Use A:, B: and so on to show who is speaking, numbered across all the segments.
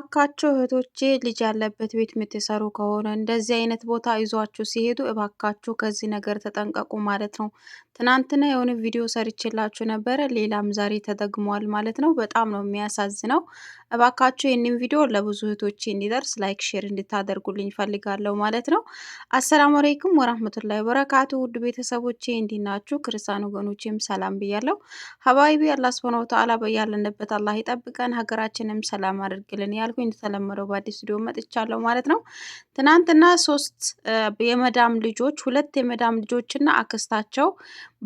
A: እባካችሁ እህቶቼ ልጅ ያለበት ቤት የምትሰሩ ከሆነ እንደዚህ አይነት ቦታ ይዟችሁ ሲሄዱ እባካችሁ ከዚህ ነገር ተጠንቀቁ ማለት ነው። ትናንትና የሆነ ቪዲዮ ሰርችላችሁ ነበረ፣ ሌላም ዛሬ ተደግሟል ማለት ነው። በጣም ነው የሚያሳዝነው። እባካችሁ ይህንን ቪዲዮ ለብዙ እህቶች እንዲደርስ ላይክ፣ ሼር እንድታደርጉልኝ ይፈልጋለሁ ማለት ነው። አሰላሙ አለይኩም ወራህመቱላሂ ወበረካቱ ውድ ቤተሰቦቼ እንዲናችሁ ክርስቲያን ወገኖቼም ሰላም ብያለሁ። ሀባይቢ አላህ ስብሐ ወተዓላ በያለንበት አላህ ይጠብቀን፣ ሀገራችንም ሰላም አድርግልን ያልኩኝ እንደተለመደው በአዲስ ቪዲዮ መጥቻለሁ ማለት ነው። ትናንትና ሶስት የመዳም ልጆች ሁለት የመዳም ልጆችና አክስታቸው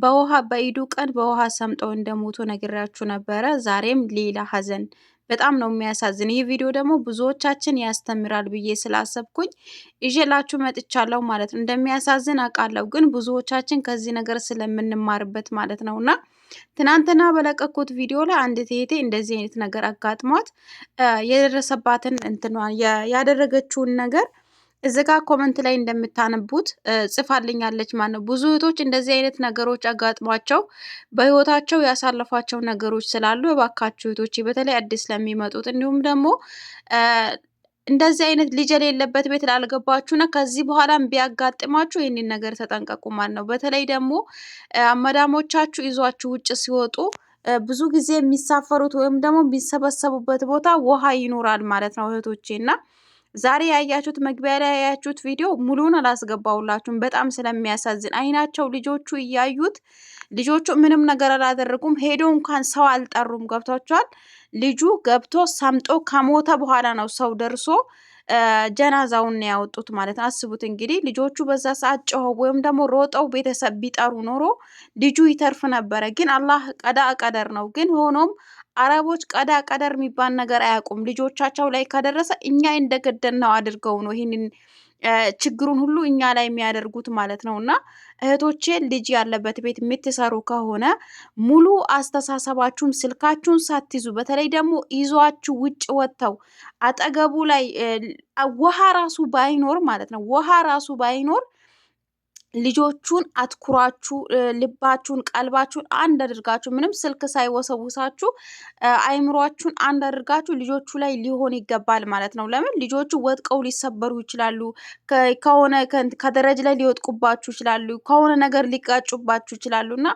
A: በውሃ በኢዱ ቀን በውሃ ሰምጠው እንደሞቱ ነግሬያችሁ ነበረ። ዛሬም ሌላ ሀዘን በጣም ነው የሚያሳዝን። ይህ ቪዲዮ ደግሞ ብዙዎቻችን ያስተምራል ብዬ ስላሰብኩኝ ይዤላችሁ መጥቻለሁ ማለት ነው። እንደሚያሳዝን አውቃለሁ፣ ግን ብዙዎቻችን ከዚህ ነገር ስለምንማርበት ማለት ነው እና ትናንትና በለቀኩት ቪዲዮ ላይ አንዲት ትሄቴ እንደዚህ አይነት ነገር አጋጥሟት የደረሰባትን እንትኗ ያደረገችውን ነገር እዚ ጋ ኮመንት ላይ እንደምታነቡት ጽፋልኛለች ማለት ነው። ብዙ እህቶች እንደዚህ አይነት ነገሮች አጋጥሟቸው በህይወታቸው ያሳለፏቸው ነገሮች ስላሉ እባካችሁ እህቶቼ በተለይ አዲስ ለሚመጡት እንዲሁም ደግሞ እንደዚህ አይነት ልጅ የሌለበት ቤት ላልገባችሁና ከዚህ በኋላም ቢያጋጥማችሁ ይህንን ነገር ተጠንቀቁ ማለት ነው። በተለይ ደግሞ አመዳሞቻችሁ ይዟችሁ ውጭ ሲወጡ ብዙ ጊዜ የሚሳፈሩት ወይም ደግሞ የሚሰበሰቡበት ቦታ ውሃ ይኖራል ማለት ነው እህቶቼ እና ዛሬ ያያችሁት መግቢያ ላይ ያያችሁት ቪዲዮ ሙሉውን አላስገባውላችሁም። በጣም ስለሚያሳዝን አይናቸው ልጆቹ እያዩት ልጆቹ ምንም ነገር አላደረጉም። ሄዶ እንኳን ሰው አልጠሩም። ገብቷቸዋል። ልጁ ገብቶ ሰምጦ ከሞተ በኋላ ነው ሰው ደርሶ ጀናዛውን ያወጡት ማለት ነው። አስቡት እንግዲህ ልጆቹ በዛ ሰዓት ጮኸው ወይም ደግሞ ሮጠው ቤተሰብ ቢጠሩ ኖሮ ልጁ ይተርፍ ነበረ። ግን አላህ ቀዳ ቀደር ነው። ግን ሆኖም አረቦች ቀዳ ቀደር የሚባል ነገር አያውቁም። ልጆቻቸው ላይ ከደረሰ እኛ እንደገደልነው አድርገው ነው ይህንን ችግሩን ሁሉ እኛ ላይ የሚያደርጉት ማለት ነው። እና እህቶቼ ልጅ ያለበት ቤት የምትሰሩ ከሆነ ሙሉ አስተሳሰባችሁን ስልካችሁን ሳትይዙ፣ በተለይ ደግሞ ይዟችሁ ውጭ ወጥተው አጠገቡ ላይ ውሃ ራሱ ባይኖር ማለት ነው ውሃ ራሱ ባይኖር ልጆቹን አትኩሯችሁ ልባችሁን ቀልባችሁን አንድ አድርጋችሁ ምንም ስልክ ሳይወሰውሳችሁ አይምሯችሁን አንድ አድርጋችሁ ልጆቹ ላይ ሊሆን ይገባል ማለት ነው። ለምን ልጆቹ ወጥቀው ሊሰበሩ ይችላሉ። ከሆነ ከደረጃ ላይ ሊወጥቁባችሁ ይችላሉ። ከሆነ ነገር ሊቃጩባችሁ ይችላሉ እና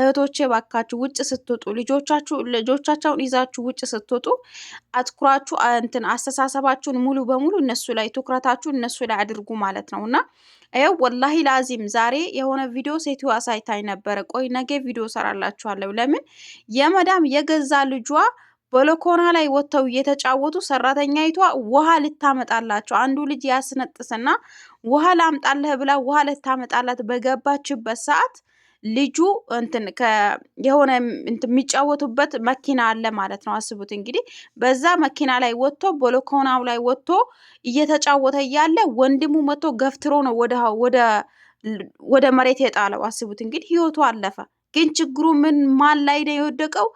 A: እህቶቼ ባካችሁ ውጭ ስትወጡ ልጆቻችሁ ልጆቻቸውን ይዛችሁ ውጭ ስትወጡ አትኩራችሁ እንትን አስተሳሰባችሁን ሙሉ በሙሉ እነሱ ላይ ትኩረታችሁን እነሱ ላይ አድርጉ ማለት ነው እና ይኸው ወላሂ ላዚ ቲም ዛሬ የሆነ ቪዲዮ ሴትዮ አሳይታኝ ነበረ። ቆይ ነገ ቪዲዮ ሰራላችኋለሁ። ለምን የመዳም የገዛ ልጇ በሎኮና ላይ ወጥተው እየተጫወቱ ሰራተኛይቷ ውሃ ልታመጣላቸው አንዱ ልጅ ያስነጥስና ውሃ ላምጣልህ ብላ ውሃ ልታመጣላት በገባችበት ሰዓት ልጁ እንትን የሆነ የሚጫወቱበት መኪና አለ ማለት ነው። አስቡት እንግዲህ በዛ መኪና ላይ ወጥቶ ቦሎኮናው ላይ ወጥቶ እየተጫወተ እያለ ወንድሙ መጥቶ ገፍትሮ ነው ወደ ወደ መሬት የጣለው አስቡት እንግዲህ ህይወቱ አለፈ። ግን ችግሩ ምን ማን ላይ ነው የወደቀው?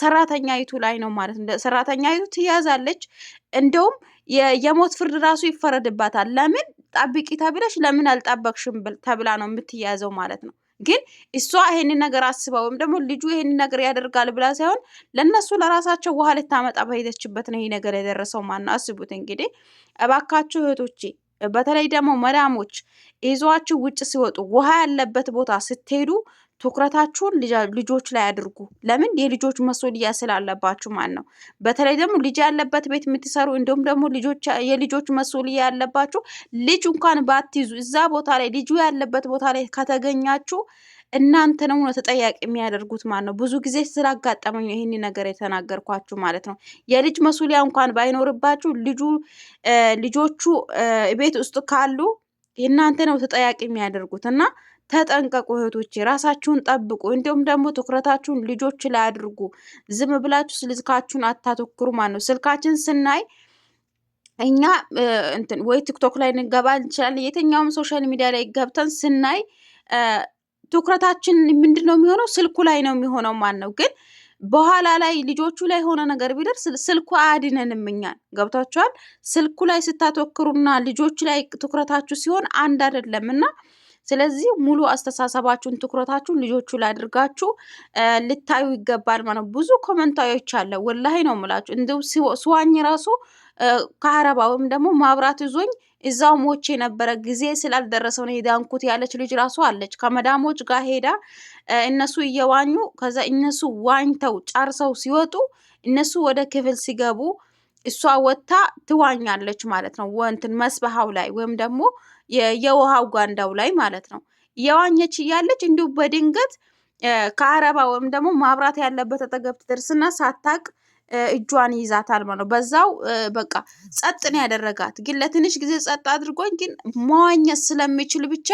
A: ሰራተኛይቱ ላይ ነው ማለት ነው። ሰራተኛይቱ ትያዛለች። እንደውም የሞት ፍርድ ራሱ ይፈረድባታል። ለምን ጣብቂ ተብለሽ ለምን አልጣበቅሽም ተብላ ነው የምትያዘው ማለት ነው። ግን እሷ ይሄንን ነገር አስባ ወይም ደግሞ ልጁ ይሄን ነገር ያደርጋል ብላ ሳይሆን ለእነሱ ለራሳቸው ውሃ ልታመጣ በሄደችበት ነው ይሄ ነገር የደረሰው። ማነው አስቡት እንግዲህ። እባካችሁ እህቶቼ በተለይ ደግሞ መዳሞች ይዟችሁ ውጭ ሲወጡ ውሃ ያለበት ቦታ ስትሄዱ ትኩረታችሁን ልጆች ላይ አድርጉ። ለምን የልጆች መሶልያ ስላለባችሁ ማለት ነው። በተለይ ደግሞ ልጅ ያለበት ቤት የምትሰሩ እንዲሁም ደግሞ የልጆች መሶልያ ያለባችሁ ልጅ እንኳን ባትይዙ እዛ ቦታ ላይ ልጁ ያለበት ቦታ ላይ ከተገኛችሁ እናንተ ነው ተጠያቂ የሚያደርጉት ማለት ነው። ብዙ ጊዜ ስላጋጠመኝ ይህን ነገር የተናገርኳችሁ ማለት ነው። የልጅ መሱሊያ እንኳን ባይኖርባችሁ ልጁ ልጆቹ ቤት ውስጥ ካሉ እናንተ ነው ተጠያቂ የሚያደርጉት እና ተጠንቀቁ እህቶቼ፣ ራሳችሁን ጠብቁ። እንዲሁም ደግሞ ትኩረታችሁን ልጆች ላይ አድርጉ። ዝም ብላችሁ ስልካችሁን አታተኩሩ ማለት ነው። ስልካችን ስናይ እኛ እንትን ወይ ቲክቶክ ላይ እንገባ እንችላለን። የትኛውም ሶሻል ሚዲያ ላይ ገብተን ስናይ ትኩረታችን ምንድን ነው የሚሆነው? ስልኩ ላይ ነው የሚሆነው ማለት ነው። ግን በኋላ ላይ ልጆቹ ላይ የሆነ ነገር ቢደርስ ስልኩ አያድነንም እኛን። ገብታችኋል? ስልኩ ላይ ስታተኩሩና ልጆች ላይ ትኩረታችሁ ሲሆን አንድ አይደለም እና ስለዚህ ሙሉ አስተሳሰባችሁን ትኩረታችሁን ልጆቹ ላይ አድርጋችሁ ልታዩ ይገባል ማለት ነው። ብዙ ኮመንታዮች አለ ወላሂ ነው ምላችሁ። እንዲሁ ስዋኝ ራሱ ከአረባ ወይም ደግሞ ማብራት ይዞኝ እዛው ሞቼ የነበረ ጊዜ ስላልደረሰው ነው ሄዳንኩት ያለች ልጅ ራሱ አለች። ከመዳሞች ጋር ሄዳ እነሱ እየዋኙ ከዛ እነሱ ዋኝተው ጨርሰው ሲወጡ እነሱ ወደ ክፍል ሲገቡ እሷ ወጥታ ትዋኛለች ማለት ነው። ወንትን መስበሃው ላይ ወይም ደግሞ የውሃው ጓንዳው ላይ ማለት ነው። የዋኘች እያለች እንዲሁ በድንገት ከአረባ ወይም ደግሞ ማብራት ያለበት አጠገብ ትደርስና ሳታቅ እጇን ይዛታል ማለት ነው። በዛው በቃ ጸጥ ነው ያደረጋት። ግን ለትንሽ ጊዜ ጸጥ አድርጎኝ ግን መዋኘት ስለሚችል ብቻ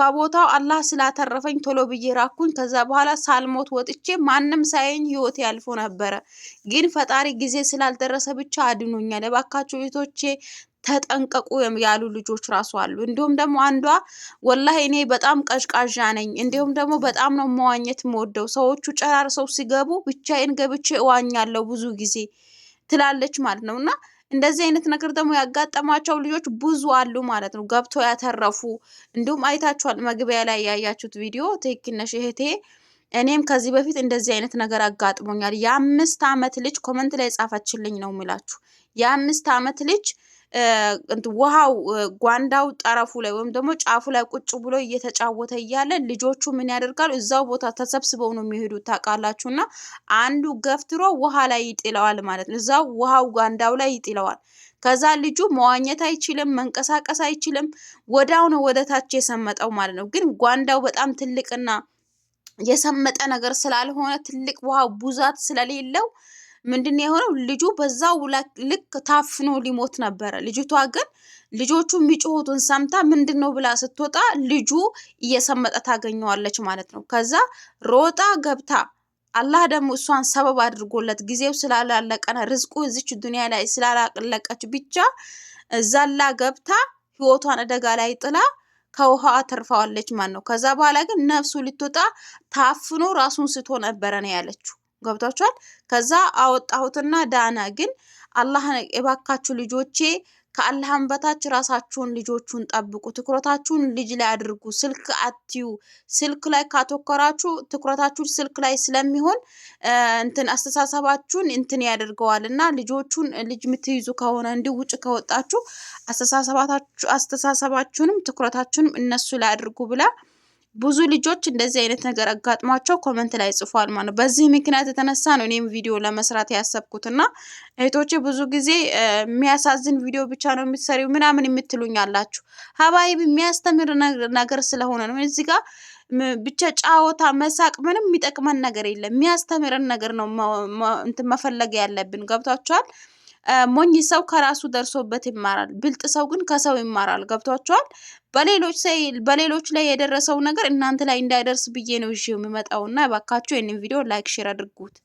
A: ከቦታው አላህ ስላተረፈኝ ቶሎ ብዬ ራኩኝ። ከዛ በኋላ ሳልሞት ወጥቼ ማንም ሳይኝ ህይወት ያልፎ ነበረ። ግን ፈጣሪ ጊዜ ስላልደረሰ ብቻ አድኖኛል። እባካችሁ ቤቶቼ ተጠንቀቁ ያሉ ልጆች ራሱ አሉ። እንዲሁም ደግሞ አንዷ ወላሂ እኔ በጣም ቀዥቃዣ ነኝ፣ እንዲሁም ደግሞ በጣም ነው መዋኘት የምወደው፣ ሰዎቹ ጨራርሰው ሲገቡ ብቻዬን ገብቼ እዋኛለሁ ብዙ ጊዜ ትላለች ማለት ነው እና እንደዚህ አይነት ነገር ደግሞ ያጋጠማቸው ልጆች ብዙ አሉ ማለት ነው። ገብቶ ያተረፉ እንዲሁም አይታችኋል። መግቢያ ላይ ያያችሁት ቪዲዮ ትክክል ነሽ እህቴ። እኔም ከዚህ በፊት እንደዚህ አይነት ነገር አጋጥሞኛል። የአምስት ዓመት ልጅ ኮመንት ላይ ጻፈችልኝ ነው የምላችሁ። የአምስት ዓመት ልጅ ውሃው ጓንዳው ጠረፉ ላይ ወይም ደግሞ ጫፉ ላይ ቁጭ ብሎ እየተጫወተ እያለ ልጆቹ ምን ያደርጋሉ? እዛው ቦታ ተሰብስበው ነው የሚሄዱ ታውቃላችሁ። እና አንዱ ገፍትሮ ውሃ ላይ ይጥለዋል ማለት ነው። እዛው ውሃው ጓንዳው ላይ ይጥለዋል። ከዛ ልጁ መዋኘት አይችልም፣ መንቀሳቀስ አይችልም። ወዳው ነው ወደ ታች የሰመጠው ማለት ነው። ግን ጓንዳው በጣም ትልቅና የሰመጠ ነገር ስላልሆነ ትልቅ ውሃ ብዛት ስለሌለው ምንድን የሆነው ልጁ በዛው ልክ ታፍኖ ሊሞት ነበረ። ልጅቷ ግን ልጆቹ የሚጮሁትን ሰምታ ምንድን ነው ብላ ስትወጣ ልጁ እየሰመጠ ታገኘዋለች ማለት ነው። ከዛ ሮጣ ገብታ አላህ ደግሞ እሷን ሰበብ አድርጎለት ጊዜው ስላላለቀነ ርዝቁ እዚች ዱኒያ ላይ ስላላለቀች ብቻ እዛላ ገብታ ህይወቷን አደጋ ላይ ጥላ ከውሃ ተርፋዋለች ማለት ነው። ከዛ በኋላ ግን ነፍሱ ልትወጣ ታፍኖ ራሱን ስቶ ነበረ ነው ያለችው። ገብቷችኋል ከዛ አወጣሁትና ዳነ። ግን አላህ የባካችሁ ልጆቼ ከአላህም በታች ራሳችሁን ልጆቹን ጠብቁ። ትኩረታችሁን ልጅ ላይ አድርጉ። ስልክ አትዩ። ስልክ ላይ ካተኮራችሁ ትኩረታችሁ ስልክ ላይ ስለሚሆን እንትን አስተሳሰባችሁን እንትን ያደርገዋል እና ልጆቹን ልጅ የምትይዙ ከሆነ እንዲህ ውጭ ከወጣችሁ አስተሳሰባችሁንም ትኩረታችሁንም እነሱ ላይ አድርጉ ብላ ብዙ ልጆች እንደዚህ አይነት ነገር አጋጥሟቸው ኮመንት ላይ ጽፏል ማለት ነው። በዚህ ምክንያት የተነሳ ነው እኔም ቪዲዮ ለመስራት ያሰብኩት እና እህቶቼ ብዙ ጊዜ የሚያሳዝን ቪዲዮ ብቻ ነው የምትሰሪው ምናምን የምትሉኝ አላችሁ። ሀባይብ የሚያስተምር ነገር ስለሆነ ነው እዚህ ጋር ብቻ ጫወታ መሳቅ ምንም የሚጠቅመን ነገር የለም። የሚያስተምረን ነገር ነው እንትን መፈለግ ያለብን። ገብቷቸዋል። ሞኝ ሰው ከራሱ ደርሶበት ይማራል፣ ብልጥ ሰው ግን ከሰው ይማራል። ገብቷቸዋል። በሌሎች ላይ የደረሰው ነገር እናንተ ላይ እንዳይደርስ ብዬ ነው ይዤ የምመጣውና እባካችሁ ይህንን ቪዲዮ ላይክ፣ ሼር አድርጉት።